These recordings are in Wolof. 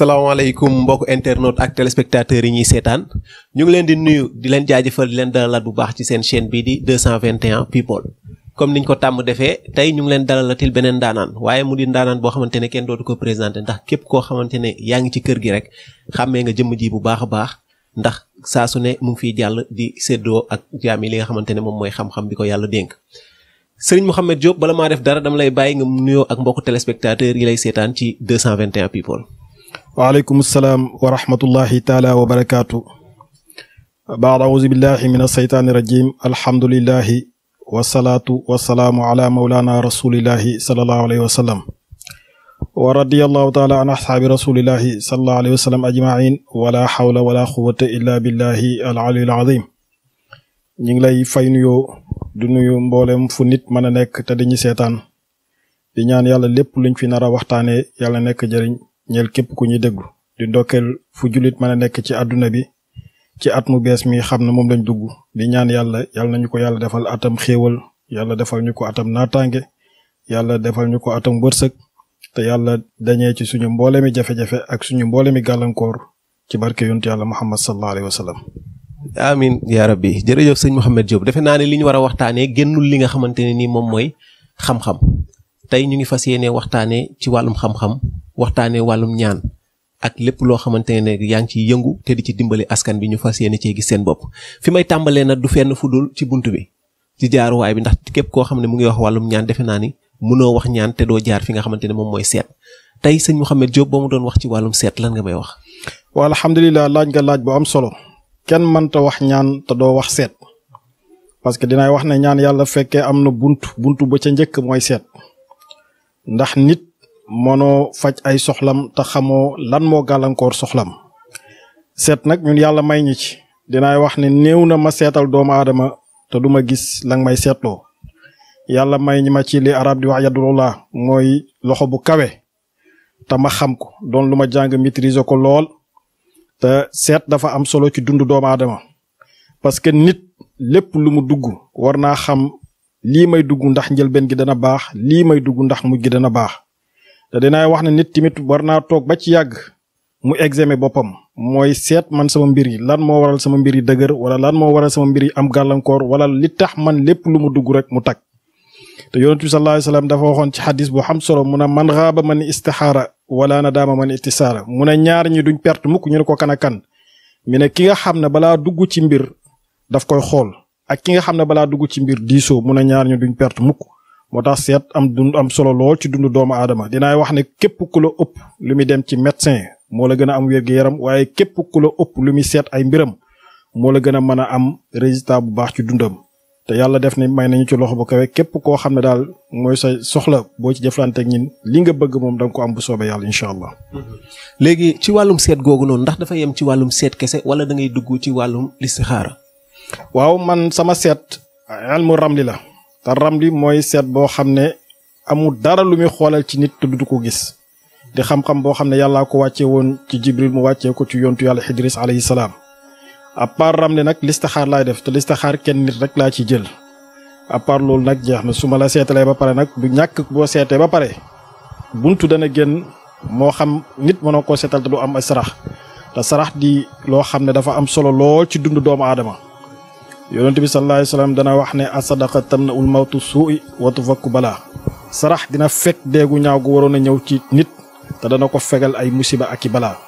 salaamaaleykum mbokk internautes ak téléspectateurs yi ñuy seetaan ñu ngi leen di nuyu di leen jaajëfal di leen dalalaat bu baax ci seen chaîne bii di 221 people comme niñ ko tàmm defee tey ñu ngi leen dalalatil beneen ndaanaan waaye mu di ndaanaan boo xamante ne kenn dootu ko présenté ndax képp koo xamante ne yaa ngi ci kër gi rek xàmmee nga jëmm ji bu baax a baax ndax saa su ne mu ngi jàll di séddoo ak jaam yi li nga xamante ne moom mooy xam-xam bi ko yàlla dénk. Sëriñ Mouhamed Diop bala maa def dara dama lay bàyyi nga nuyoo ak mbokk téléspectateurs yi lay seetaan ci 221 people. waaleykum salaam wa rahmatullahi taala wa barakaatu baad auzu billahi min alseytaani rajim alhamdulillahi wasalaatu wasalaamu ala maulana rasulillahi salallahu alayhi wa sallam wa radiallahu taala an asxaabi rasulillahi salallahu alayhi wa sallam ajmain wala xawla wala quwata illa billahi alaliyu alazim ñu ngi lay fay nuyoo du nuyu mboolem fu nit mën a nekk te dañuy seetaan di ñaan yàlla lépp luñ fi nar a waxtaanee yàlla nekk jëriñ ñeel képp ku ñuy déglu di ndokkeel fu jullit mën a nekk ci àdduna bi ci at mu bees mi xam na moom lañ dugg di ñaan yàlla yàlla nañu ko yàlla defal atam xéewal yàlla defal ñu ko atam naataange yàlla defal ñu ko atam wërsëg te yàlla dañee ci suñu mboole mi jafe-jafe ak suñu mboole mi gàllankoor ci barke yonent yàlla muhammad sallallahu alayhi wa sallam amin yaa rabbi jërëjëf sëñ Mouhamed Diop defe naa ne li ñu war a waxtaanee génnul li nga xamante ne nii moom mooy xam tey ñu ngi fas yéene waxtaanee ci wàllum xam-xam waxtaanee wàllum ñaan ak lépp loo xamante ne yaa ngi ciy yëngu te di ci dimbali askan bi ñu fas yéene cee gis seen bopp fi may tàmbalee na du fenn fu dul ci bunt bi ci jaaruwaay bi ndax képp koo xam ne mu ngi wax wàllum ñaan defe naa ni mënoo wax ñaan te doo jaar fi nga xamante ne moom mooy seet tey sëñ Mouhamed Diop boo mu doon wax ci wàllum seet lan nga may wax. waaw alhamdulilah laaj nga laaj bu am solo kenn mënta wax ñaan te doo wax seet parce que dinaay wax ne ñaan yàlla fekkee am na bunt bunt ba ca njëkk mooy seet ndax nit mënoo faj ay soxlam te xamoo lan moo gàllankoor soxlam seet nag ñun yàlla may ñi ci dinaay wax ne néew na ma seetal doomu aadama te du ma gis lang may seetloo yàlla may ñi ma ci li arab di wax laa mooy loxo bu kawe te ma xam ko doon lu ma jàng maîtriser ko lool te seet dafa am solo ci dundu doomu aadama parce nit lépp lu mu dugg war naa xam lii may dugg ndax njëlbeen gi dana baax lii may dugg ndax mujj gi dana baax te dinaay wax ne nit tamit war naa toog ba ci yàgg mu examen boppam mooy seet man sama mbir yi lan moo waral sama mbir yi dëgër wala lan moo waral sama mbir yi am gàllankoor wala li tax man lépp lu mu dugg rek mu tag te yonent bi sallallahu alayhi wasallam dafa waxoon ci xadis bu xam solo mu ne man xaaba man istixaara wala na daama man istisaara mu ne ñaar ñi duñ perte mukk ñu ne ko kan ne ki nga xam ne balaa dugg ci mbir daf koy xool ak ki nga xam ne balaa dugg ci mbir diisoo mun a ñaar ñu duñ perte mukk moo tax seet am dund am solo lool ci dundu doomu aadama dinaay wax ne képp ku la ëpp lu muy dem ci médecin moo la gën a am wér yaram waaye képp ku la ëpp lu muy seet ay mbiram moo la gën a mën a am résultat bu baax ci dundam te yàlla def ne may nañu ci loxo bu kawe képp koo xam ne daal mooy sa soxla boo ci jëflanteeg ñin li nga bëgg moom da ko am bu soobee yàlla incha allah. léegi ci wàllum seet googu noonu ndax dafa yem ci wàllum seet kese wala da dugg ci wàllum listixaara waaw man sama seet a ilmu ramli la te ramli mooy seet boo xam ne amul dara lu muy xoolal ci nit te du ko gis di xam-xam boo xam ne yàllaa ko wàcce woon ci jibril mu wàccee ko ci yontu yàlla xidris alayhi salaam à part ramli nag listaxaar laay def te listaxaar kenn nit rek laa ci jël à loolu nag jeex na su ma la seetalee ba pare nag du ñàkk boo seetee ba pare buntu dana génn moo xam nit mënoo koo seetal te du am ay sarax te sarax di loo xam ne dafa am solo lool ci dundu doomu aadama yonent bi sallallahu alayhi wa dana wax ne asadaqa tam na ul mawtu suu'i watu fakku balaa sarax dina fekk deegu ñaaw gu waroon a ñëw ci nit te dana ko fegal ay musiba ak i balaa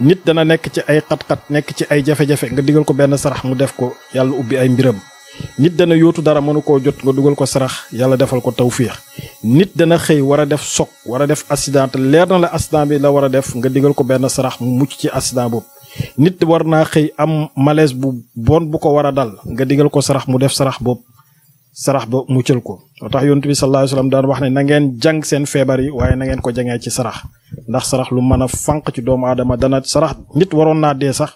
nit dana nekk ci ay xat-xat nekk ci ay jafe-jafe nga digal ko benn sarax mu def ko yàlla ubbi ay mbiram nit dana yootu dara mënu koo jot nga dugal ko sarax yàlla defal ko tawfiix nit dana xëy war a def soog war a def accident te leer na la accident bi la war a def nga digal ko benn sarax mu mucc ci accident boobu nit war naa xëy am malees bu bon bu ko war a dal nga digal ko sarax mu def sarax boobu sarax ba muccal ko moo tax yontu bi sallallahu alayhi wasallam daan wax ne na ngeen jàng seen feebar yi waaye na ko jangee ci sarax ndax sarax lu mën a fànq ci doomu aadama dana sarax nit waroon naa dee sax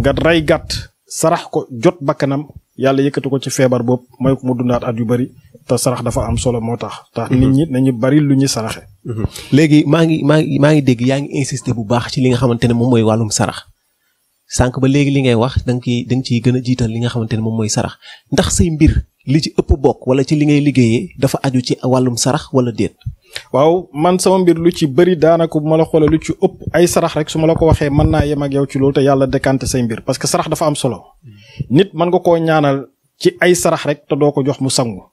nga rey gàtt sarax ko jot bakkanam yàlla yëkkatu ko ci feebar boobu mooy ko mu dundaat at yu bari te sarax dafa am solo moo tax. tax mhm. nit ñi nañu bari lu ñu saraxe. Mhm. léegi maa ngi maa ngi maa ngi dégg yaa ngi insister bu baax ci li nga xamante ne moom mooy wàllum sarax sànq ba léegi li ngay wax danga nga danga da nga ciy gën a jiital li nga xamante ne moom mooy sarax ndax say mbir li ci ëpp bokk wala ci li ngay liggéeyee dafa aju ci wàllum sarax wala déet. waaw man sama mbir lu ci bëri daanaka bu ma la xoolee lu ci ëpp ay sarax rek su ma la ko waxee man naa yem ak yow ci loolu te yàlla say mbir parce que sarax dafa am solo mhm. nit mën nga koo ñaanal ci ay sarax rek te doo ko jox mu sangu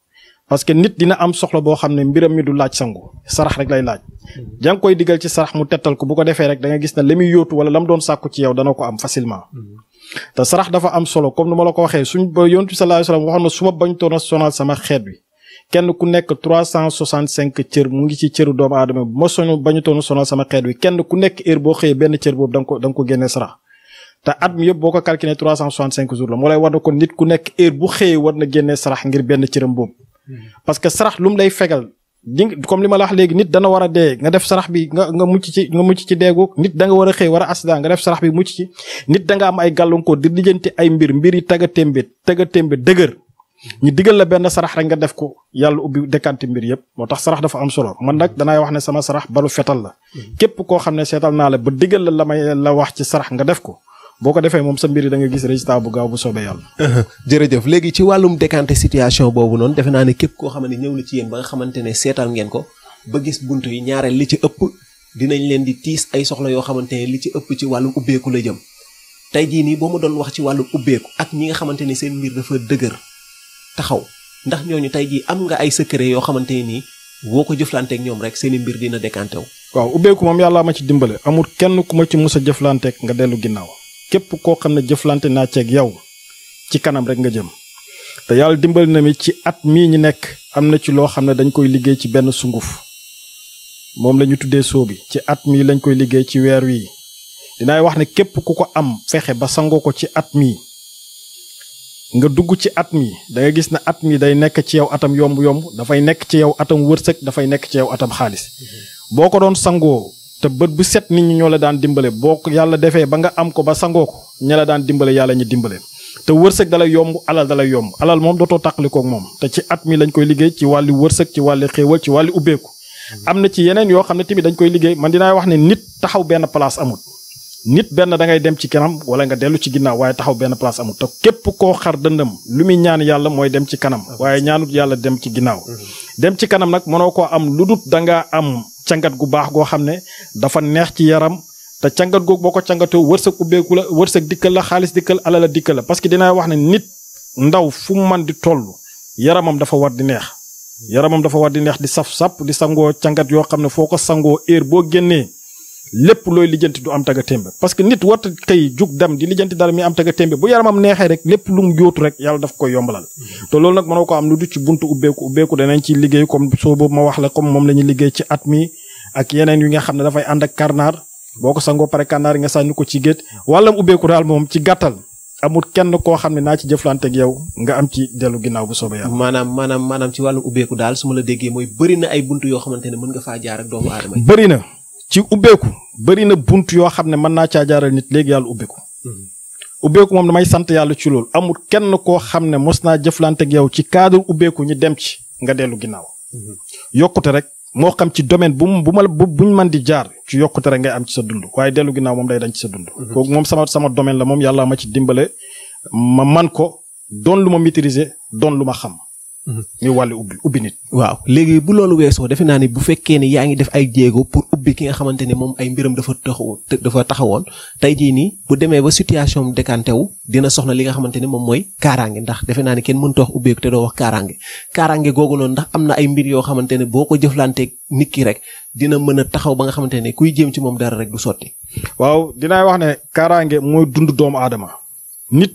parce que nit dina am soxla boo xam ne mbiram mi du laaj sangu sarax rek lay laaj hmm. jang koy digal ci sarax mu tettal ko bu ko defee rek da nga gis ne la mu yóotu wala la mu doon sàkku ci yow dana ko am facilement hmm. te am solo comme nu ma la ko waxee suñ ba yontu bi sallallahu na su ma bañ toona sonal sama xeet wi kenn ku nekk trois cent soixante cinq cër mu ngi ci cëru doomu aadama bu ma soñu bañu toona sonal sama xeet wi kenn ku nekk heure boo xëyee benn cër boobu da nga ko da génnee sarax at mi boo ko calculé trois cent soixante cinq jours la moo lay war ku nekk heure bu xëyee war na génnee sarax ngir benn cëram boobu Mm-hmm. parce que sarax lu mu lay fegal di comme li ma la wax léegi nit dana war a dee nga def sarax bi nga nga mucc ci nga mucc ci deegu nit danga war a xëy war a accident nga def bi mucc ci nit da am ay gàllankoor di lijjanti ay mbir mbir yi tagga témbét tagga témbét dëgër mm-hmm. ñu digal la benn sarax rek nga def ko yàlla ubbi dékkanti mbir yëpp moo tax sarax dafa am solo man nag danaay wax ne sama sarax balu fetal la mm-hmm. képp koo xam ne seetal naa la ba digal la la may la wax ci sarax nga def ko boo ko defee moom sa mbir da nga gis résultat bu gaaw bu soobee yàlla. Uh-huh. jërëjëf léegi ci wàllum décanté situation boobu noonu defe naa ne képp koo xam ne ñëw na ci yéen ba nga xamante ne seetal ngeen ko ba gis bunt yi ñaareel li ci ëpp dinañ leen di tiis ay soxla yoo xamante ne li ci ëpp ci wàllum ubbeeku la jëm tey jii nii boo ma doon wax ci wàllum ubbeeku ak ñi nga xamante ne seen mbir dafa dëgër taxaw ndax ñooñu tey jii am nga ay secret yoo xamante ne nii woo ko jëflanteek ñoom rek seen mbir dina décanté wu. waaw ubbeeku moom yàlla ma ci dimbale amul kenn ku ma ci mus a jëflanteeg nga dellu ginnaaw képp koo xam ne jëflante naa ceeg yow ci kanam rek nga jëm te yàlla dimbali na mi ci at mii ñi nekk am na ci loo xam ne dañ koy liggéey ci benn sunguf moom la tuddee soo bi ci at mii lañ koy liggéey ci weer wii dinaay wax ne képp ku ko am fexe ba sangoo ko ci at mii nga dugg ci at mi da gis ne at mii day nekk ci yow atam yomb-yomb dafay nekk ci yow atam wërsëg dafay nekk ci yow atam xaalis mm-hmm. boo ko doon sangoo te bët bu set nit ñi ñoo la daan dimbale boo ko yàlla defee ba nga am ko ba sangoo ko ña la daan dimbale yàlla ñu dimbale te wërsëg dalay yomb alal dalay yomb alal moom dootoo tàqalikook moom te ci at mi lañ koy liggéey ci wàllu wërsëg ci wàllu xéewal ci wàllu ubbeeku mm-hmm. am na ci yeneen yoo xam ne tamit dañ koy liggéey man dinaa wax ne nit taxaw benn place amut nit benn da dem ci kanam wala nga dellu ci ginnaaw waaye taxaw benn place amul te képp koo xar dëndam lu muy ñaan yàlla mooy dem ci kanam waaye ñaanut yàlla dem ci ginnaaw dem ci kanam nag mënoo koo am lu dut danga am cangat gu baax goo xam ne dafa neex ci yaram te cangat googu boo ko cangatoo wërsëg ubbeeku la wërsëg dikkal la xaalis dikkal alal la dikkal la parce que dinaa wax ne nit ndaw fu mu man di toll yaramam dafa war di neex yaramam dafa war di neex di saf-sàpp di sangoo cangat yoo xam ne foo ko sangoo heure boo génnee lépp looy lijjanti du am taga témbe parce que nit warta tey jug dem di lijjanti dara mi am taga témbe bu yaramam neexee rek lépp lu mu yóotu rek yàlla daf koy yombalal te loolu nag mënoo am ci buntu ubbeeku ubbeeku danañ ci liggéey comme soo boobu ma wax la comme moom la ñuy liggéey ci nga xam ne dafay ànd ak boo ko sangoo pare karnaar nga sànni ko ci gétt wàllam ubbeeku daal moom ci gàttal amul kenn koo xam ne naa ci jëflante yow nga am ci dellu ginnaaw bu soobee yàlla. maanaam maanaam maanaam ci wàllu ubbeeku daal su ma la déggee mooy bëri ay buntu yoo xamante ne mën nga faa jaar ak doomu aadama. bëri na ci ubbeeku bari na bunt yoo xam ne mën naa caa jaaral nit léegi yàlla ubbeeku. ubbeeku moom damay sant yàlla ci loolu amul kenn koo xam ne mos naa jëflante ak yow ci cadre ubbeeku ñu dem ci nga dellu ginnaaw. yokkute rek moo xam ci domaine bu mu bu ma buñ mën di jaar ci yokkute rek ngay am ci sa dund waaye dellu ginnaaw moom day dañ ci sa dund. Mhm. kooku moom sama sama domaine la moom yàlla ma ci dimbale ma man ko doon lu ma maîtriser doon lu ma xam. ñu wàllu ubbi ubbi nit. waaw léegi bu loolu weesoo defe naa ni bu fekkee ne yaa ngi def ay jéego pour ubbi ki nga xamante ne moom ay mbiram dafa taxaw dafa taxawoon tey jii nii bu demee ba situation mu décanté wu dina soxla li nga xamante ne moom mooy kaaraange ndax defe naa ni kenn mënut a wax ubbeeku te doo wax kaaraange kaaraange googu noonu ndax am na ay mbir yoo xamante ne boo ko jëflanteeg nit ki rek dina mën a taxaw ba nga xamante ne kuy jéem ci moom dara rek du sotti. waaw dinaa wax ne kaaraange mooy dund doomu aadama nit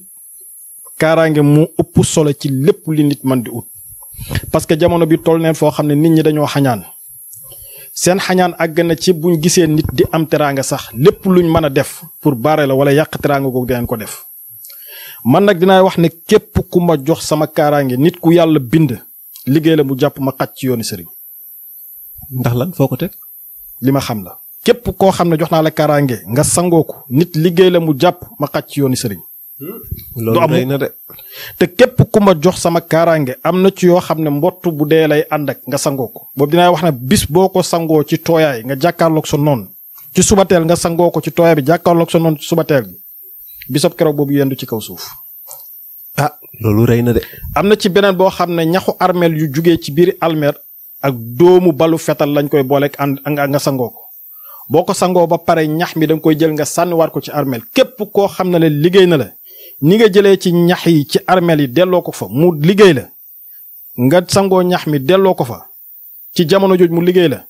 kaaraange mu ëpp solo ci lépp li nit man di ut parce que jamono bi toll neen foo xam ne nit ñi dañoo xañaan seen xañaan àgg na ci buñ gisee nit di am teraanga sax lépp luñ mën a def pour baare la wala yàq teraanga googu dinañ ko def man nag dinaay wax ne képp ku ma jox sama kaaraange nit ku yàlla bind liggéey la mu jàpp ma xaj ci yoonu sëriñ. ndax lan foo ko teg. li ma xam la képp koo xam ne jox naa la kaaraange nga sangoo ko nit liggéey la mu jàpp ma xaj ci yoonu sëriñ. loolu day na te képp ku ma jox sama kaaraange am na ci yoo xam ne mbott bu dee lay ànd ak nga sangoo ko boobu dinaa wax ne bis boo ko sangoo ci tooyaay nga jàkkaarlook sa noon ci subateel nga sangoo ko ci tooyaay bi jàkkaarloog sa noonu ci subateel bi bisab keroog boobu yendu ci kaw suuf. ah rëy na de. am na ci beneen boo xam ne ñaxu armeel yu jugee ci biir almer ak doomu balu fetal lañ koy booleeg ànd nga sangoo ko. boo ko sangoo ba pare ñax mi da koy jël nga sànniwaat ko ci armeel képp koo xam ne la liggéey na la ni nga jëlee ci ñax yi ci armeel yi delloo ko fa mu liggéey la nga sangoo ñax mi delloo ko fa ci jamono jooj mu liggéey la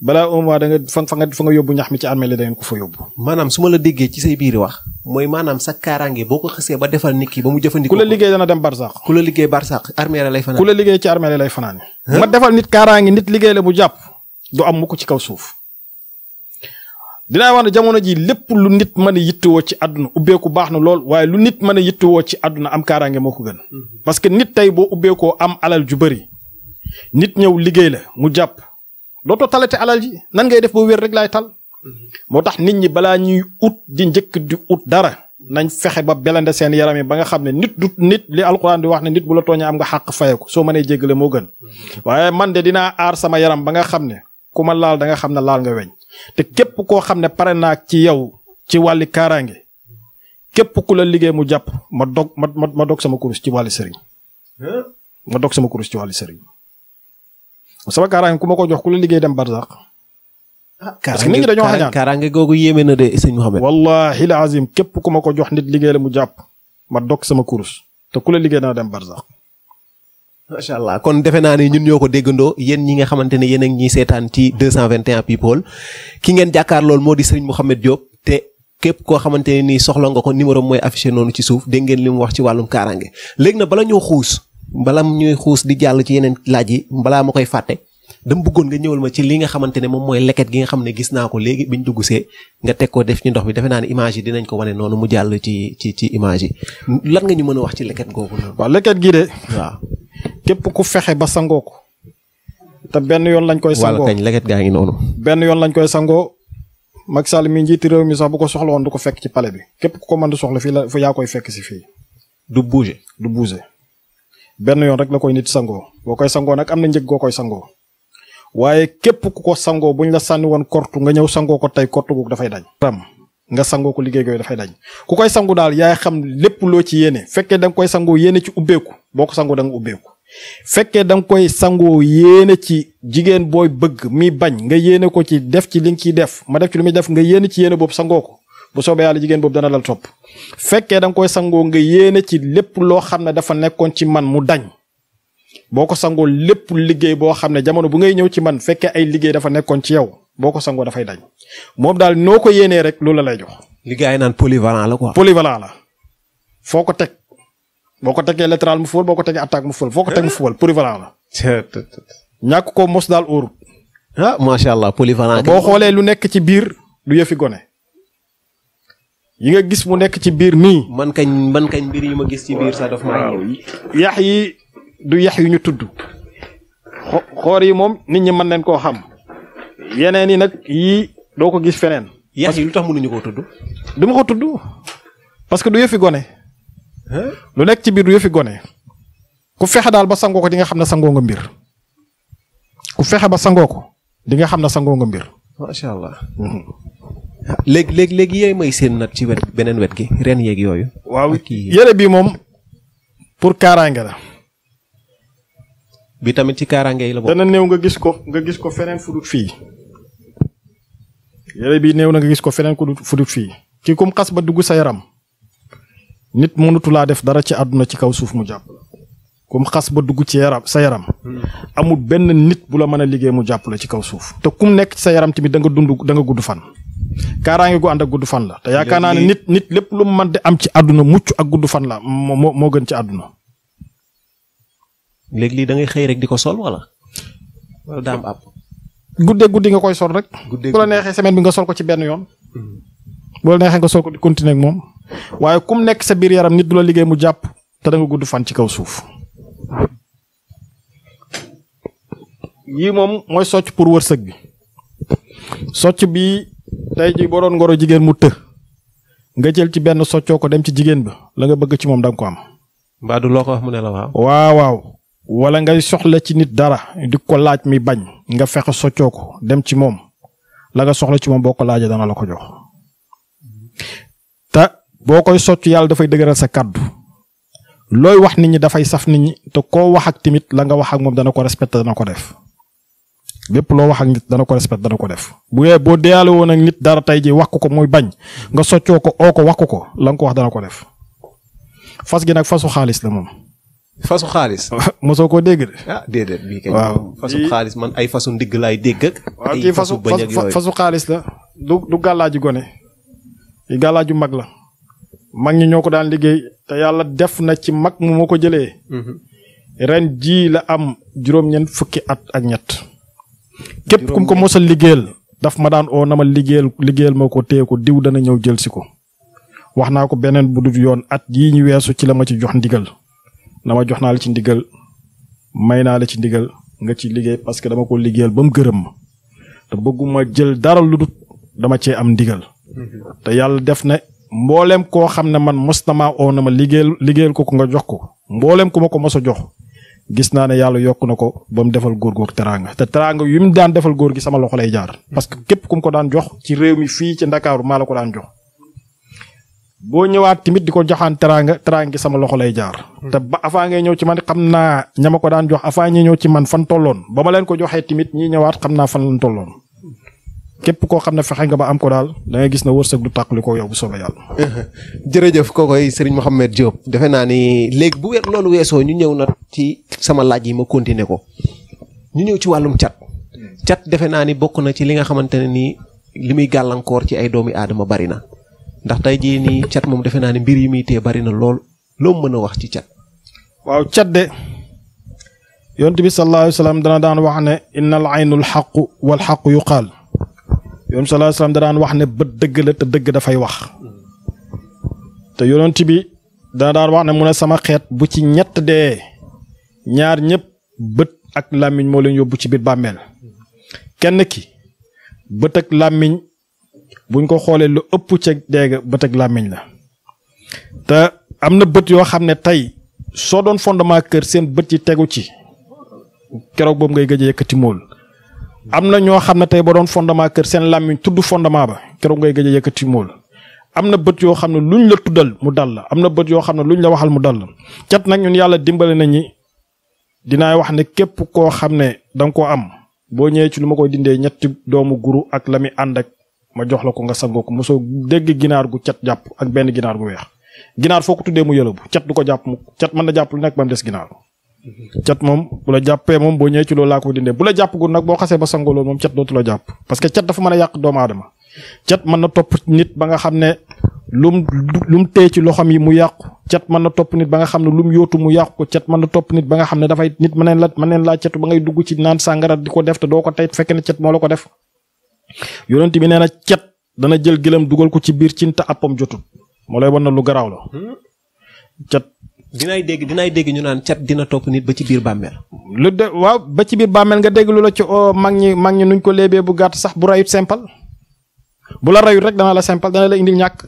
balaa un mois da nga fa nga fa nga yóbbu ñax mi ci armeel yi da ko fa yóbbu. maanaam su ma déggee ci say biir wax mooy maanaam sa kaaraange boo ko ba defal nit ba mu jëfandikoo. ku la liggéey dana dem Barzak. ku la liggéey Barzak armeel lay fanaan. ku la liggéey ci armeel lay fanaan. ma defal nit kaaraange nit liggéey la bu jàpp du am mu ko ci kaw suuf dinaa wax ne jamono ji lépp lu nit mën a ci àdduna ubbeeku baax na lool waaye lu nit mën a yittewoo ci àdduna am kaaraange moo ko gën. Mhm. parce que nit tey boo ubbeekoo am alal ju bëri nit ñëw liggéey la mu jàpp dootoo talate alal ji nan ngay def ba wér rek laay tal. Mhm. moo tax nit ñi balaa ñuy ut di njëkk di ut dara nañ fexe ba belande seen yaram yi ba nga xam ne nit du nit li alxuraan di wax ne nit bu la tooñee am nga xàq ko soo mënee jéggale moo gën. Mhm. waaye man dinaa aar sama yaram ba nga xam ne ku ma laal da nga xam ne laal nga weñ. te képp koo xam ne pare naa ci yow ci wàlli kaaraange képp ku la liggéey mu jàpp ma dog ma ma dog sama kurus ci wàlli sëriñ ma dog sama kurus ci wàlli sëriñ sama kaaraange ku ma ko jox ku la liggéey dem barsax parce que nit ñi dañoo xañaan kaaraange kooku yéeme na de sëñ Mouhamed wallahi la azim képp ku ma ko jox nit liggéey mu jàpp ma dog sama kurus te ku la liggéey dana dem barsax macha allah kon defe naa ne ñun ñoo ko déggandoo yéen ñi nga xamante ne yéen a ngi ñuy seetaan ci 221 people ki ngeen jàkkaar lool moo di Serigne Mouhamed Diop te képp koo xamante ne nii soxla nga ko numéro mooy affiché noonu ci suuf dégg li mu wax ci wàllum kaaraange léegi na bala ñoo xuus bala ñuy xuus di jàll ci yeneen laaj yi balaa ma koy fàtte dama bëggoon nga ñëwal ma ci li nga xamante ne moom mooy leket gi nga xam ne gis naa ko léegi biñ dugg see nga teg ko def ci ndox bi defe naa ne image dinañ ko wane noonu mu jàll ci ci ci image yi lan nga ñu mën a wax ci leket googu noonu. waaw gi de. képp ku fexe ba sangoo ko te benn yoon lañ koy sangoo wala kañ leget gaa ngi noonu. benn yoon lañ koy sangoo Macky Sall mi njiiti réew mi sax bu ko soxla woon du ko fekk ci pale bi képp ku ko mën di soxla fii la yaa koy fekk si fii. du bouger du bouger benn yoon rek la koy nit sangoo boo koy sangoo nag am na njëg koy sangoo waaye képp ku ko sangoo bu ñu la sànni woon kortu nga ñëw sangoo ko tey kortu googu dafay dañ. ram nga sangoo ko liggéey yooyu dafay dañ ku koy sangu daal yaay xam lépp loo ci yéene fekkee danga koy sangoo yéene ci ubbeeku boo ko sangoo da nga ubbeeku fekkee da nga koy sangoo yéene ci jigéen booy bëgg mi bañ nga yéene ko ci def ci li nga ciy def ma def ci li muy def nga yéene ci yéene boobu sangoo ko bu soobee yàlla jigéen boobu dana lal topp fekkee da nga koy sangoo nga yéene ci lépp loo xam ne dafa nekkoon ci man mu dañ boo ko sangoo lépp liggéey boo xam ne jamono bu ngay ñëw ci man fekkee ay liggéey dafa nekkoon ci yow boo ko sangoo dafay dañ moom daal noo ko yéenee rek loolu la lay jox. liggéey naan la boo ko tegee latéral mu fubal boo ko tegee attaque mu fubal foo ko teg mu polyvalent la. ñàkk ko mos daal óorut. ah macha allah polyvalent. boo xoolee lu nekk ci biir du yëfi gone. yi nga gis mu nekk ci biir nii. man kañ man kañ mbir yi ma gis ci biir sax daf ma yax yi du yax yu ñu tudd. xoor yi moom nit ñi mën nañ koo xam. yeneen yi nag yii doo ko gis feneen. yax yi lu tax mënuñu koo tudd. du ma ko tudd parce que du yëfi gone. lu nekk ci biir du yëfi gone ku fexe daal ba sangoo ko di nga xam ne sangoo nga mbir ku fexe ba sangoo ko di nga xam ne sangoo nga macha allah. léegi léegi léegi yooyu may séen nag ci wet beneen wet gi ren yeeg yooyu. waaw yére bii moom pour kaaraange la. bi tamit ci kaaraange yi la bokk. dana néew nga gis ko nga gis ko feneen fu dut fii yére bi néew na nga gis ko feneen ku fu dut fii. kii kum xas ba dugg sa yaram nit mënutu laa def dara ci àdduna ci kaw suuf mu jàpp la xas ba dugg ci yaram sa yaram. amul benn nit bu la mën a liggéey mu jàpp la ci kaw suuf. te kum nekk ci sa yaram tamit da nga dund danga gudd fan. kaaraange gu ànd ak gudd fan la. te yaakaar naa ne nit nit lépp lu mu mën di am ci àdduna mucc ak gudd fan la moo moo gën ci àdduna. léegi lii da ngay xëy rek di ko sol wala. wala guddee guddi nga koy sol rek. guddee la neexee semaine bi nga sol ko ci benn yoon. Mm-hmm. bu la neexee nga soo ko di continuer moom waaye kum nekk sa biir yaram nit du la liggéey mu jàpp te da gudd fan ci kaw suuf. yii moom mooy socc pour wërsëg bi socc bi tey ji boo doon ngoro jigéen mu të nga jël ci benn soccoo ko dem ci jigéen ba la nga bëgg ci moom da ko am. mbaa loo ko wax mu ne la waaw. waaw walla wala ngay soxla ci nit dara di ko laaj mi bañ nga fex soccoo ko dem ci moom la nga soxla ci moom boo ko laajee dana la ko jox. boo koy socc yàlla dafay dëgëral sa kàddu looy wax nit ñi dafay saf nit ñi te koo wax ak tamit la nga wax ak moom dana ko respecté dana ko def lépp loo wax ak nit dana ko respecté dana ko def bu dee boo deyaale woon ak nit dara tey ji wax ko ko muy bañ nga soccoo ko oo ko wax ko ko la nga ko wax dana ko def fas gi nag fasu xaalis la moom. fasu xaalis. mosoo koo dégg de. Ah, waaw fasu xaalis man ay fasu ndigg laay dégg ak. ay fasu fasu xaalis la. du du gàllaaju gone. gàllaaju mag la. mag ñi ñoo ko daan liggéey te yàlla def na ci mag mu ma ko jëlee. Mhm. ren jii la am juróom-ñeent fukki at ak ñett. képp kum ko mosal liggéeyal dafa ma daan oo na ma liggéeyal liggéeyal ma ko téye ko diw dana ñëw jël si ko. wax naa ko beneen bu dul yoon at yii ñu weesu ci la ma ci jox ndigal na ma jox naa la ci ndigal may naa la ci ndigal nga ci liggéey parce que dama ko liggéeyal ba mu gërëm ma te bëgguma jël dara lu dul dama cee am ndigal. Mhm. te yàlla def na mboolem koo xam ne man mos na maa oo na ma liggéeyal liggéeyal ko ko nga jox ko mboolem ku ma ko mos a jox gis naa ne yàlla yokk na ko ba mu defal góor góor teraanga te teraanga yi mu daan defal góor gi sama loxo lay jaar. parce que képp ku mu ko daan jox ci réew mi fii ci Ndakaaru maa la ko daan jox boo ñëwaat tamit di ko joxaan teraanga teraanga gi sama loxo lay jaar. te ba avant ngay ñëw ci man xam naa ña ko daan jox avant ñi ñëw ci man fan tolloon ba ma leen ko joxee tamit ñi ñëwaat xam naa fan lañ tolloon. képp koo xam ne fexe nga ba am ko daal da ngay gis na wërsëg du tàqali ko yow bu soobee yàlla. jërëjëf kookoy sëriñ Mouhamed Diop defe naa ni léegi bu loolu weesoo ñu ñëw na ci sama laaj yi ma continuer ko ñu ñëw ci wàllum cat. cat defe naa ni bokk na ci li nga xamante ne nii li muy gàllankoor ci ay doomi aadama bari na ndax tey jii nii cat moom defe naa ni mbir yi muy tee bari na lool loo mën a wax ci cat. waaw cat de yonent bi sallallahu alayhi dana daan wax ne innal aynul xaqu wal yoon sallallahu alayhi wasallam da daan wax ne bët dëgg la te dëgg dafay wax te yonent bi da daan wax ne mu ne sama xeet bu ci ñett dee ñaar ñëpp bët ak làmmiñ moo leen yóbbu ci biir bàmmeel kenn ki bët làmmiñ buñ ko xoolee lu ëpp ca dégg bët làmmiñ la te am na bët yoo xam ne tey soo doon fondement kër seen bët yi tegu ci keroog boobu ngay gëj a yëkkati mool am na ñoo xam ne tey ba doon fondement kër seen làmmiñ tudd fondement ba keroog ngay gëj a yëkkati mool am na bët yoo xam ne lu luñ la tuddal mu dal la am na bët yoo xam ne lu luñ la waxal mu dal la cat nag ñun yàlla dimbali na ñi dinaay wax ne képp koo xam ne danga ko am boo ñëwee ci lu ma koy dindee ñetti doomu guru ak la muy ànd ak ma jox la ko nga sangoo ko mosoo dégg ginaar gu cet jàpp ak benn ginaar gu weex ginaar foo ko tuddee mu yëlëbu cet du ko jàpp mu cat mën na jàpp lu nekk des ginaar cat moom bu la jàppee moom boo ñëwee ci loolu laa koy dindee bu la jàpp gu nag boo xasee ba sangoo loolu moom cat dootu la jàpp parce que cat dafa mën yàq cat mën na topp nit ba nga xam ne lum mu yàqu cat mën na topp nit ba nga xam ne nit ba nga xam ne dafay nit mën neen la mën neen laa catu ba ngay dugg ci naan sàngara di ko ne moo la ko def yonent bi nee na cat dana jël gëlëm dugal ko ci biir cin te appam jotut moo lay wan na lu garaaw la hmm? dinaay dégg dinaay dégg ñu naan cat dina topp nit ba ci biir bàmmeel. lu de waaw ba ci biir bàmmeel nga dégg lu la ci oo oh, mag ñi mag ñi nuñ ko léebee bu gàtt sax bu rayut simple bu la rayut rek dana la simple dana la indil ñàkk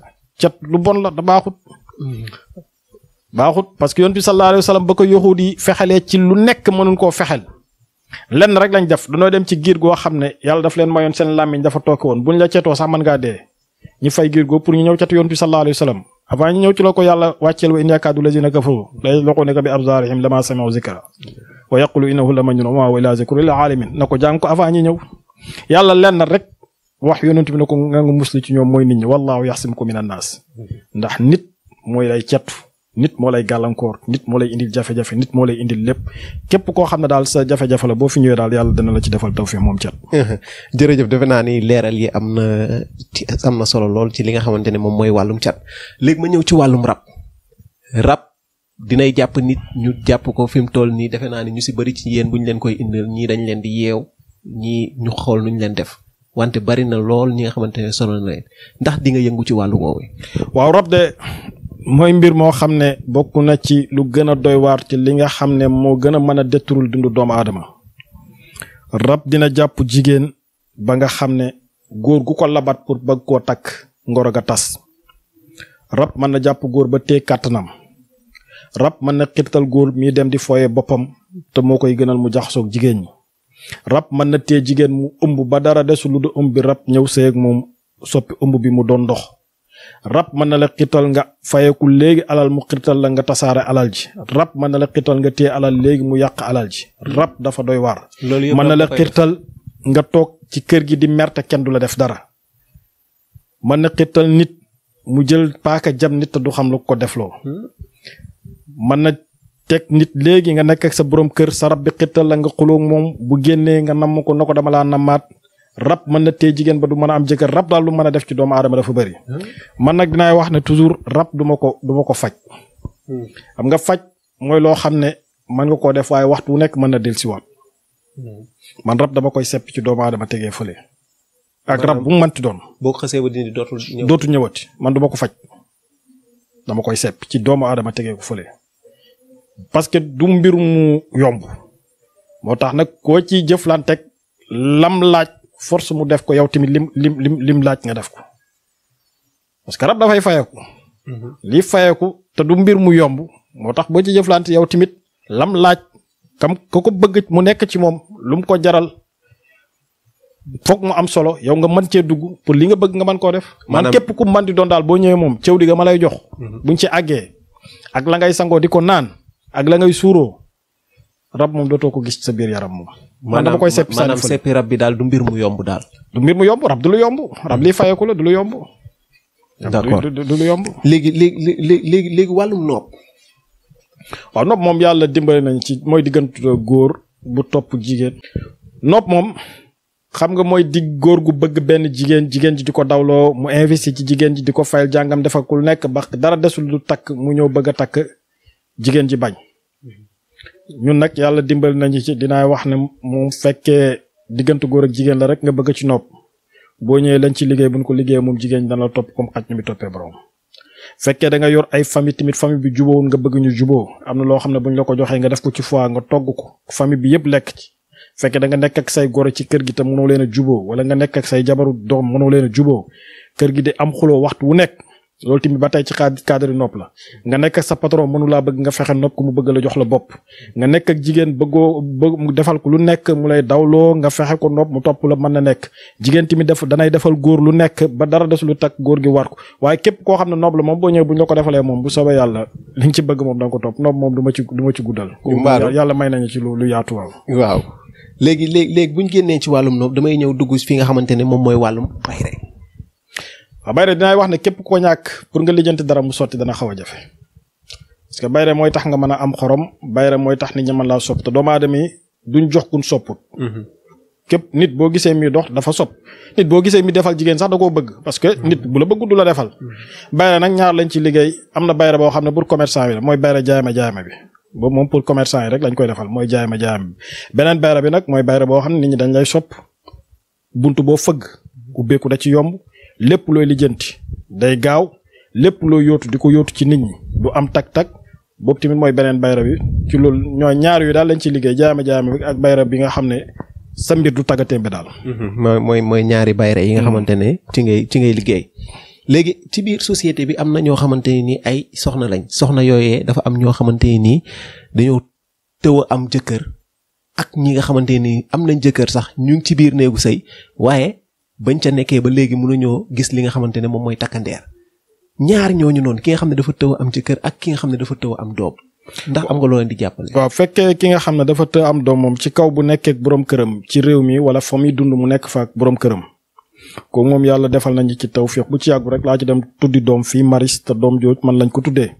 cat lu bon la da baaxut. baaxut parce que yoon bi sallallahu alayhi ba ko yahuud fexelee ci lu nekk mënuñ koo fexel lenn rek lañ def danoo dem ci giir goo xam ne yàlla daf leen mayoon seen làmmiñ dafa tooke woon buñ la cetoo sax mën ngaa dee ñu fay giir ñu ñëw catu yoon bi sallallahu alayhi wa avant ñu ñëw ci la ko yàlla wàcceel wa in yakaadu lazina kafaru la yazuqunaka bi absaarihim lama sami'u zikra wa yaqulu innahu la majnun wa ila zikri lil alamin na ko jàng ko avant ñi ñëw yàlla lenn rek wax yonent bi ne ko nga nga musli ci ñoom mooy nit ñi wallahu yaxsimukum minan naas ndax nit mooy lay cettu nit moo lay gàllankoor nit moo lay indil jafe-jafe nit moo lay indil lépp képp koo xam ne daal sa jafe-jafe la boo fi ñëwee daal yàlla dana la ci defal tawfeex moom cat uh-huh. jërëjëf defe naa ni leeral yi am na am na solo lool ci li nga xamante ne moom mooy wàllum cat léegi ma ñëw ci wàllum rab rab dinay jàpp nit ñu jàpp ko fi mu toll nii defe naa ni ñu si bëri ci yéen bu ñu leen koy indil ñii dañ leen di yeew ñii ñu xool nu leen def wante bari na lool ñi nga xamante ne solo ndax di nga yëngu ci wàllu woowu mooy mbir moo xam ne bokk na ci lu gën a doy waar ci li nga xam ne moo gën a mën a detturul dundu doomu aadama rab dina jàpp jigéen ba nga xam ne góor gu ko labat pour bëgg koo takk ngoro ga tas rab mën na jàpp góor ba tee kàttanam rab mën na xirtal góor mi dem di foye boppam te moo koy gënal mu jaxasoog jigéen ñi rab mën na tee jigéen mu ëmb ba dara desul lu du ëmb bi rab ñëw sëy ak moom soppi ëmb bi mu doon ndox rab mën na la xital nga fayeku léegi alal mu xital la nga tasaare alal ji rab mën na la xital nga téye alal léegi mu yàq alal ji rab dafa doy waar mën na la xital nga toog ci kër gi di merte kenn du la def dara mën na xital nit mu jël paaka jam nit te du xam lu ko loo mën na teg nit léegi nga nekk ak sa borom kër sa rab bi la nga xuloo moom bu génnee nga namm ko na ko dama laa nammaat rab mën na téye jigéen ba du mën a am jëkkër rab daal lu mën a def ci doomu aadama dafa bëri man nag dinaay wax ne toujours rab du ma ko du ko faj xam nga faj mooy loo xam ne mën nga koo def waaye waxtu wu nekk mën na dellusiwaat man rab dama koy sepp ci doomu aadama tegee fële ak rab bu mu mënti doon boo ko xasee ba dindi dootul ñëw dootu ñëwati man du ma ko faj koy sepp ci doomu aadama tegee ko fële parce que du mbir mu yomb moo tax nag koo ci jëflanteeg lam laaj force mu def ko yow tamit lim lim lim lim laaj nga def ko parce que rab dafay fayeku. Mhm. lii fayeku te du mbir mu yomb moo tax boo ci jëflante yow tamit lam laaj kam ku ko bëgg mu nekk ci moom lu mu ko jaral foog mu am solo yow nga mën cee dugg pour li nga bëgg nga mën koo def. man képp ku man di doon daal boo ñëwee moom cew di nga ma lay jox. Mhm. buñ ci àggee ak la ngay sangoo di ko naan ak la ngay suuroo rab moom dootoo ko gis sa biir yaram moom. man dama koy seppi maanaam rab bi daal du mbir mu yomb daal. du mbir mu yomb rab du lu yomb rab liy fayeku la du lu yomb. d'accord du du lu yomb. léegi léegi léegi léegi wàllum waaw nopp moom yàlla dimbali nañ ci mooy diggante góor bu topp jigéen. nopp moom xam nga mooy dig góor gu bëgg benn jigéen jigéen ji di ko dawloo mu investi ci jigéen ji di ko fayal jàngam defakul nekk ba dara desul du takk mu ñëw bëgg a takk jigéen ji bañ. ñun nag yàlla dimbali nañu ci dinaay wax ne mu fekkee diggante góor ak jigéen la rek nga bëgg ci nopp boo ñëwee lañ ci liggéey bu ñu ko liggéey moom jigéen dana la topp comme xaj ñu bi toppee borom fekkee da yor ay famille timit famille bi jubóowul nga bëgg ñu jubóo am na loo xam ne buñ la ko joxee nga def ko ci fois nga togg ko famille bi yëpp lekk ci fekkee da nekk ak say goro ci kër gi te mënoo leen a jubóo wala nga nekk ak say jabaru doom mënoo leen a jubóo loolu tamit ba tey ci cadre nopp la nga nekk sa patron mënu bëgg nga fexe nopp ku mu bëgg la jox la bopp nga nekk ak jigéen bëggoo bëgg mu defal ko lu nekk mu lay dawloo nga fexe ko nopp mu topp la mën na nekk jigéen tamit def danay defal góor lu nekk ba dara des lu takk góor gi war ko waaye képp koo xam ne nopp la moom boo ñëwee bu ñu la ko defalee moom bu soobee yàlla li nga ci bëgg moom da nga ko topp nopp moom du ma ci du ma ci guddal yàlla may nañu ci lu lu yaatu waaw léegi léegi léegi bu ñu génnee ci wàllum nopp damay ñëw dugg fi nga xamante ne moom mooy wàllum waaw bayre dinaay wax na képp koo ñàkk pour nga lijjanti dara mu sotti dana xaw a jafe parce que bayre mooy tax nga mën a am xorom bayre mooy tax nit ñi mën laa sopp te doomu aadama yi duñ jox kuñ sopput. Mhm. képp nit boo gisee mii dox dafa sopp nit boo gisee mi defal jigéen sax da koo bëgg parce que mhm. nit bu la bëgg du la defal. Mhm. bayre nag ñaar lañ ci liggéey am na bayre boo xam ne pour commerçant yi la mooy bayre jaayma jaayma bi. boobu moom pour commerçant yi rek koy defal mooy jaay ma jaay ma beneen bi nag mooy bayra boo xam ne nit ñi dañ lay sopp buntu boo fëgg ubbeeku da ci yomb lépp looy lijjanti day gaaw lépp looy yootu di ko yootu ci nit ñi du am tak-tak boobu tamit mooy beneen bayra bi ci loolu ñoo ñaar yu daal lañ ci liggéey jaame jaame bi ak bayra bi nga xam ne sa mbir du tàggatémbe daal. Mhm, mooy mooy ñaari bayra yi nga mhm. xamante ne ci ngay ci ngay liggéey. léegi ci biir société bi am na ñoo xamante ne nii ay soxna lañ soxna yooyee dafa am ñoo xamante ne nii dañoo tëw a am jëkkër ak ñi nga xamante ne nii am nañ jëkkër sax ñu ngi ci biir néegu sëy bañ ca nekkee ba léegi mun a mënuñoo gis li nga xamante ne moom mooy takkandeer ñaar ñooñu noonu ki nga xam ne dafa tëw am ci kër ak ki nga xam ne dafa tëw am doom ndax am nga loo di jàppale. waaw fekkee ki nga xam ne dafa tëw am doom moom ci kaw bu nekkee borom këram ci réew mi wala fa dund mu nekk fa ak borom këram. ko moom yàlla defal nañu ci tawfiix bu ci yàggu rek laa ci dem tuddi doom fii maris te doom jooj man lañ ko tuddee.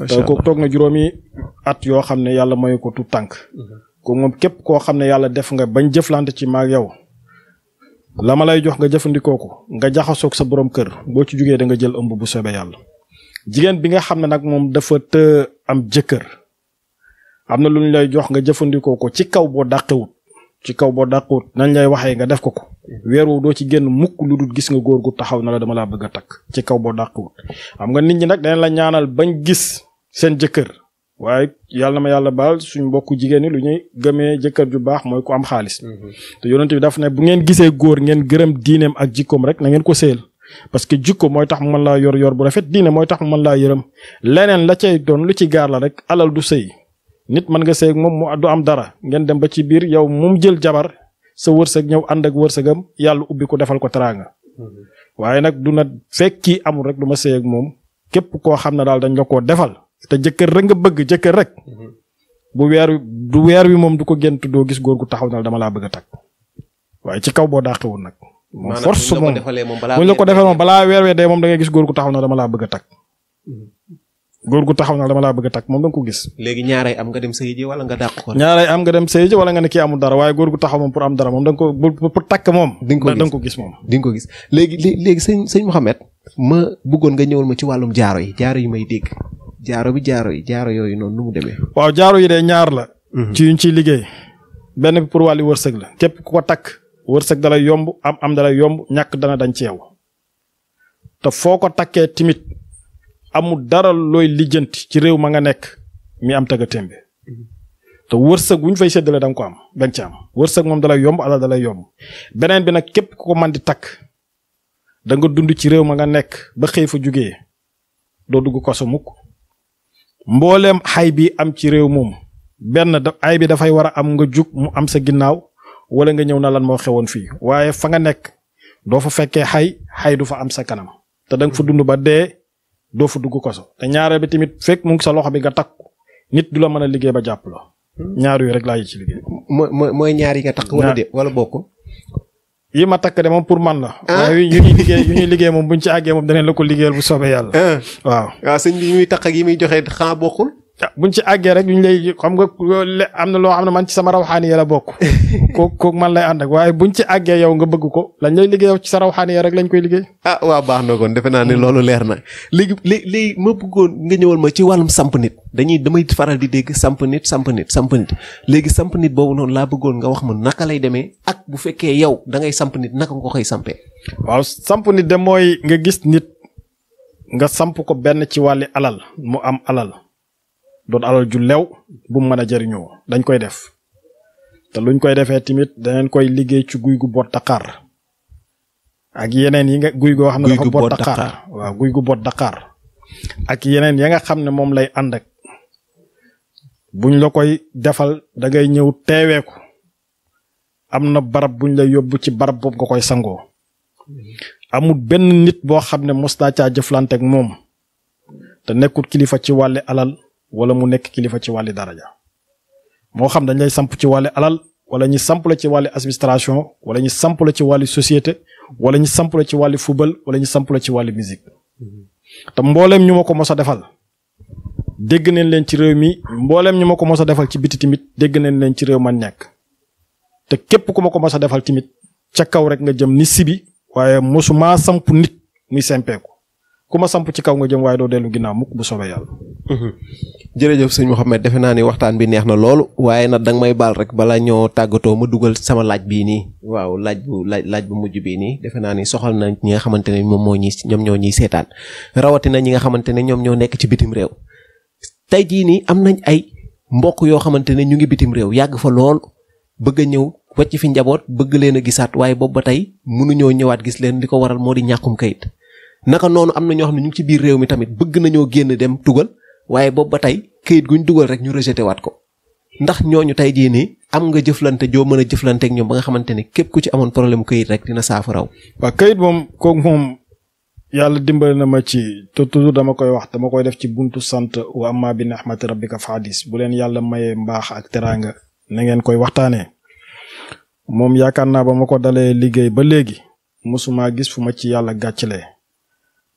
macha ko toog na juróomi at yoo xam ne yàlla mayu ko tu tànk. Mhm. ko moom képp koo xam ne yàlla def nga bañ jëflante ci maag yow la ma lay jox nga jëfandikoo ko nga jaxasoog sa boroom kër boo ci jógee da nga jël ëmb bu soobee yàlla jigéen bi nga xam ne nag moom dafa të am jëkkër am na lu ñu lay jox nga jëfandikoo ko ci kaw boo dàqewut ci kaw boo dàqewut nañ lay waxee nga def ko ko weer woo doo ci génn mukk lu dul gis nga góor gu taxaw na la dama laa bëgg a takk ci kaw boo dàqewut xam nga nit ñi nag dañ la ñaanal bañ gis seen jëkkër waaye yàlla ma yàlla baal suñ mbokku jigéen ñi lu ñuy gëmee jëkkër ju baax mooy ko am xaalis. Mhm. te yonent bi daf ne bu ngeen gisee góor ngeen gërëm diineem ak jikkoom rek na ngeen ko seel parce que jikko mooy tax mu mën laa yor yor bu rafet diine mooy tax mu mën laa yërëm leneen la cay doon lu ci gaar la rek alal du sëy nit mën nga sëy moom mu du am dara ngeen dem ba ci biir yow mu jël jabar sa wërsëg ñëw ànd ak wërsëgam yàlla ubbi ko defal ko teraanga. Mhm. waaye nag du na fekk kii amul rek du ma sëy moom képp koo xam ne daal dañ la koo defal te jëkkër rek nga bëgg jëkkër rek mhm. bu weer du weer wi moom du ko gént doo gis góor gu taxaw naa dama laa bëgg a takk ci kaw boo dàqee woon nag. moom force moom bu ñu la ko defee balaa weer wee dee da ngay gis góor gu taxaw na dama laa bëgg a takk. Mhm. góor gu taxaw na dama laa bëgg a moom da ko gis. léegi ñaaray am nga dem sëy ji wala nga dàq ko. ñaaray am nga dem sëy ji nga ne amul dara waaye góor gu taxaw moom pour am ko pour takk moom. di ko gis ko gis moom. di ko gis léegi léegi sëñ sëñ Mouhamed ma bëggoon nga ñëwal ma ci wàllum jaaro yi jaaro yi may dégg jaaro bi jaaro yi jaaro yooyu noonu nu mu demee. waaw jaaro yi de ñaar la. Mhm. ci yuñ ciy liggéey. benn bi pour wàllu wërsëg la képp ku ko takk wërsëg dalay yomb am am dalay yomb ñàkk dana dañ ci yow te foo ko takkee timit amul dara looy lijjant ci réew ma nga nekk mi am tëgg tembe mhm. te wërsëg wu fay séddale da nga ko am dañ ci am wërsëg moom dalay yomb alal dalay yomb beneen bi nag képp ku ko man di takk da nga dund ci réew ma nga nekk ba xëy fa jugee doo dugg koso mukk mbooleem xay bi am ci réew moom benn da ay bi dafay war a am nga jug mu am sa ginnaaw wala nga ñëw na lan moo xewoon fii waaye fa nga nekk doo fa fekkee xay xay du fa am sa kanam te da nga fa dund ba dee doo fa dugg koso te ñaareel bi tamit fekk mu ngi sa loxo bi nga takku nit du la mën a liggéey ba jàpp la hmm. ñaar yooyu rek laa yi ci liggéey. mooy mooy ñaar yi nga takk wala de wala bokk yi ma takk de moom pour man na ah. waaye yu ñuy liggéey yu ñuy liggéey moom buñ ci àggee moom danañ la ko liggéeyal bu soobee yàlla. Ah. waaw waaw ah, sëñ bi muy takk ak yi muy joxee xanaa bokkul. bu ah, buñ ci àggee rek ñu lay xam nga am na loo xam ne man ci sama rawxaani ya la bokk ko ko man lay ànd ak waaye buñ ci àggee yow nga bëgg ko lañ lay liggéey ci sa rawxaani rek lañ koy liggéey ah waaw na kon defe naa loolu leer na léegi léegi ma bëggoon nga ñëwal ma ci wàllum samp nit dañuy damay faral di dégg samp nit samp léegi samp boobu noonu laa bëggoon nga wax ma naka lay demee ak bu fekkee yow da ngay samp nit naka nga ko koy sampee waaw samp nit de mooy nga gis nit nga samp ko benn ci wàlli alal mu am alal doon alal ju lew bu mu mën a jëriñoo dañ koy def te luñ koy defee tamit daneen koy liggéey ci guy gu bot daqaar ak yeneen yi nga guy goo xam ne dafa bot daqaar guy gu bot daqaar ak yeneen ya nga xam ne moom lay ànd ak buñ la koy defal dangay ngay ñëw teewee ko am na barab buñ lay yóbbu ci barab boobu nga koy sangoo amut benn nit boo xam ne mos naa caa jëflante ak moom te nekkul kilifa ci wàlli alal wala mu nekk kilifa ci wàlli daraja moo xam dañ lay samp ci wàlli alal wala ñu samp la ci wàlli administration wala ñu samp la ci wàlli société wala ñu samp la ci wàlli football wala ñu samp la ci wàlli musique te mbooleem ñu ma ko mos a defal dégg neen leen ci réew mi mbooleem ñu ma ko mos a defal ci biti tamit dégg nañ leen ci réew man nekk te képp ku ma ko mos a defal tamit ca kaw rek nga jëm ni sibi waaye mosumaa samp nit muy sempeeku ku ma samp ci kaw nga jëm waaye doo dellu ginnaaw mukk bu soobee yàlla. Mhm. jërëjëf suñ Mouhamed defe naa ni waxtaan bi neex na loolu waaye nag danga may baal rek bala ñoo tàggatoo ma dugal sama laaj bii nii waaw laaj bu laaj laaj bu mujj bii nii defe naa ni soxal na ñi nga xamante ne moom moo ñi ñoom ñoo ñuy seetaan rawatina ñi nga xamante ne ñoom ñoo nekk ci bitim réew tey jii nii am nañ ay mbokk yoo xamante ne ñu ngi bitim réew yàgg fa lool bëgg ñëw wàcc fi njaboot bëgg leen a gisaat waaye boobu ba tey mënuñoo ñëwaat gis leen ko waral moo di ñàkkum kayit naka noonu am na ñoo xam ne ñu ci biir réew mi tamit bëgg nañoo génn dem tugal waaye boobu ba tey këyit guñ dugal rek ñu rejeté waat ko ndax ñooñu tey jii nii am nga jëflante joo mën a jëflanteeg ñoom ba nga xamante ni képp ku ci amoon problème këyit rek dina saafaraw. waa këyit moom kooku moom yàlla dimbali na ma ci te toujours dama koy wax dama koy def ci buntu sant wa amma bi ni'mati rabbika fahadis bu leen yàlla mayee mbaax ak teraanga na ngeen koy waxtaanee moom yaakaar naa ba ma ko dalee liggéey ba léegi mosuma gis fu ma ci yàlla gàccelee.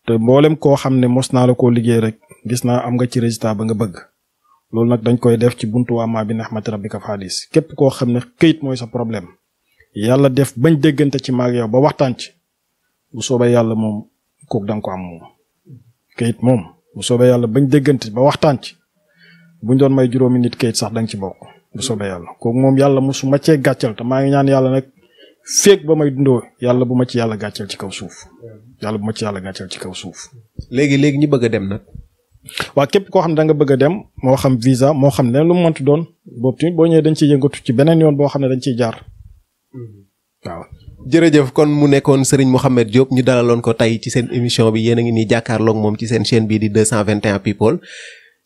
te mboolem koo xam ne mos naa la koo liggéey rek gis naa am nga ci résultat ba nga bëgg loolu nag dañ koy def ci buntu waa maa bi mat nahmati rabbika fadis képp koo xam ne këyit mooy sa problème yàlla def bañ déggante ci maag yow ba waxtaan ci bu soobee yàlla moom kooku da ko am moom këyit moom bu soobee yàlla bañ déggante ba waxtaan ci buñ doon may juróomi nit këyit sax da ci bokk bu soobee yàlla kooku moom yàlla mosu ma cee gàccal te maa ngi ñaan yàlla nag féeg ba may dundoo yàlla bu ma ci yàlla gàcceel ci kaw suuf yàlla bu ma ci yàlla gàcceel ci kaw suuf. léegi léegi ñu bëgg a dem na waa képp koo xam ne da nga bëgg a dem moo xam visa moo xam ne lu mu mënti doon boobu tamit boo dañ ciy yëngatu ci beneen yoon boo xam ne dañ ciy jaar waaw. jërëjëf kon mu nekkoon Serigne Mouhamed Diop ñu dalaloon ko tey ci seen émission bi yéen a ngi nii jàkkaarloog moom ci seen chaîne bii di 221 people.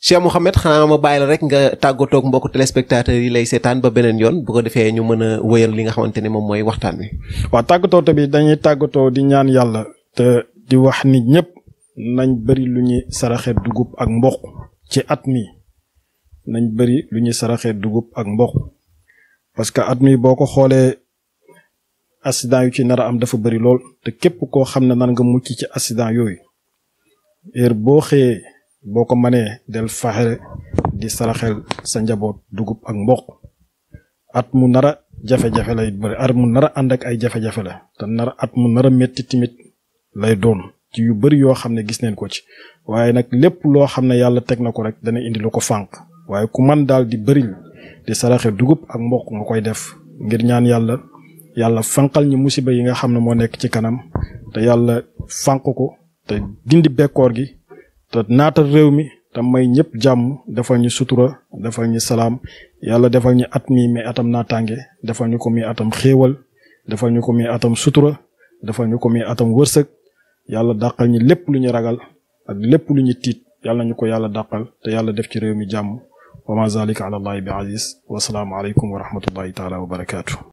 Cheikh Mouhamed xanaa ma bàyyi la rek nga tàggatoog mbokku téléspectateurs yi lay seetaan ba beneen yoon bu ko defee ñu mën a wëyal li nga xamante ne moom mooy waxtaan wi. waaw tàggatoo tamit dañuy tàggatoo di ñaan yàlla te di wax nit ñëpp nañ bëri lu ñuy saraxee dugub ak mboq ci at mi nañ bëri lu ñuy saraxee dugub ak mboq parce que at mi boo ko xoolee accident yu ci nar a am dafa bëri lool te képp koo xam ne nan nga mucc ci accident yooyu heure boo xëyee boo ko manee del faxe di saraxel sa njaboot dugub ak mboq at mu nara jafe-jafe lay bëri at mu nara ànd ak ay jafe-jafe la te nara at mu nara metti timit lay doon ci yu bari yoo xam ne gis neen ko ci waaye nag lépp loo xam ne yàlla teg na ko rek dana indi lu ko fànq waaye ku man daal di bari di saraxe dugub ak mboq nga koy def ngir ñaan yàlla yàlla fanqal ñi musiba yi nga xam ne moo nekk ci kanam te yàlla fànq ko te dindi bekkoor gi te naatal réew mi tam may ñëpp jàmm defal ñu sutura defal ñu salaam yàlla defal ñu at mi mais atam naataange defal ñu ko mi atam xéewal defal ñu ko mi atam sutura defal ñu ko mi atam wërsëg yàlla dàqal ñu lépp lu ñu ragal ak lépp lu ñu tiit yàlla ñu ko yàlla dàqal te yàlla def ci réew mi jàmm wa ma zalika ala allahi bi aziz wa salaamu aleykum wa rahmatullahi taala wa barakaatu